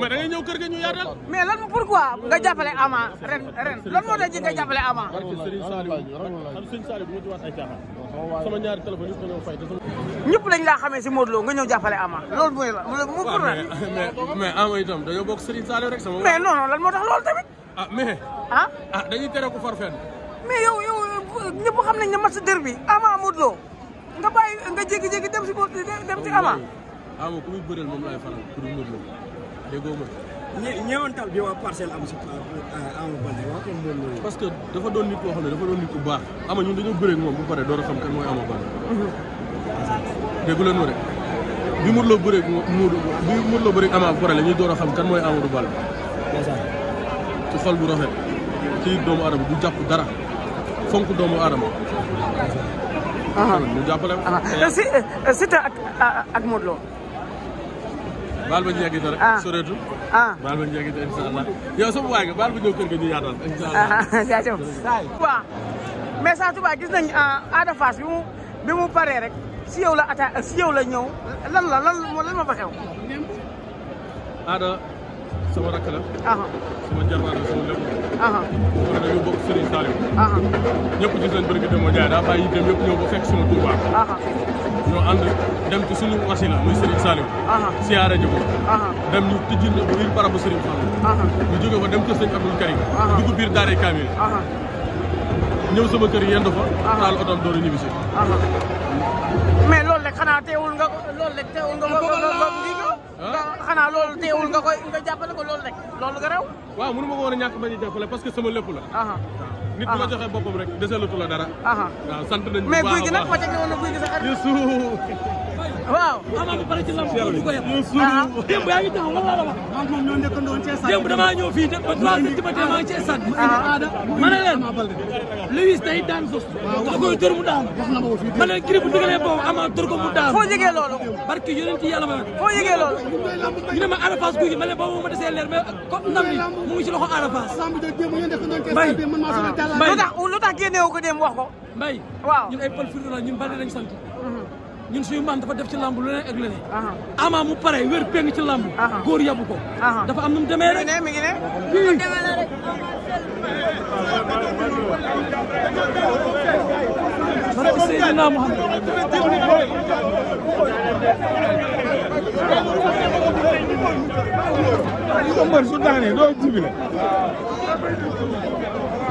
mais da ngay ñëw kër ga ñu yaatal. mais lan pourquoi nga jàppale Ama moo tax nga jàppale Ama. sama ñaari téléphone ñëpp lañ laa xamee si Modou nga ñëw jàppale Ama loolu mooy la mu la. mais mais Ama dañoo bokk Serigne Saliou rek sama. mais lan moo tax loolu tamit. ah mais. ah, ah dañuy tere ko far fenn. mais yow yow ñëpp xam nañ ne match derby Ama Modou Lo nga bàyyi nga jékki-jékki dem si dem si Ama. Ama ku muy déggoo ma. ñe ñeewantal bi waa parcelle am euh, euh, parce que dafa doon nit koo xam dafa doon nit ku baax ama ñun dañoo bëreeg moom bu pare door a xam kan mooy Ama Baldé. Mm-hmm. déggu leen ma rek bi mu la bëreeg Modou bu pare la ñuy door a xam kan mooy Amadou Baldé. ci xol bu rafet ci doomu aadama du jàpp dara fonk doomu aadama. ñu jàppale. ah si euh, si ak ak Modou Lo baal ma ñu yegg rek. ah soreetu. ah baal ma ñu yegg incha allah yow sama waay nga baal ma ñëw kër ga ñu yaatal incha allah. Ah, ah, mais saa Touba gis nañ ah, Ada Fass bi mu bi mu paree rek si yow la atta si yow la ñëw lan la lan lan ma fa xew. Ada sama rakk la. sama jarbaar la sama lépp. sama dañu bokk Serigne Saliou. ñëpp gis nañ bëri que Demba Ndiaye daa bàyyi dem yëpp ñëw ba fekk sama Touba. ñoo ànd dem ci suñu wasila muy Serigne Saliou siyaare ji ko dem ñu tëjjil ñu biir barabu Serigne ñëw sama kër yendu fa taal otoom door a ñibbi mais loolu rek xanaa teewul nga loolu rek teewul nga jàppale ko loolu rek loolu nga waaw mënu ma ko woon a ñàkk bañ a jàppale parce que sama lépp la nit bu la joxee boppam rek deselatu la dara. waaw sant nañu mais guy gi nag ma teg woon na gi sa xarit. Youssou. waaw. amaa ba pare ci lamb moom ko yem. Youssou. démb yaa ngi taxaw lan la wax. maa moom ñoo njëkkandoo ci de ba trois heures du matin ci stade. aada ma ne leen Luis tey sos. waaw da koy mu daan. wax na ma ko fii ma ne Gris bu digalee ko mu ma. ñu ma Arafas ma mais ndam mu ngi ci loxo Arafas. mbay lu tax lu tax ko dem wax ko. mbay waaw ñun ay pël firnde la ñun bari nañ sant. Mhm. ñun suñu maam dafa def ci lamb lu ne ak leneen. ama mu pare wér péng ci lamb. góor yabu ko. dafa am nu mu demee rek. mi ngi ne mi ngi ne. barke Seydina Muhammad. su daanee doo jubile.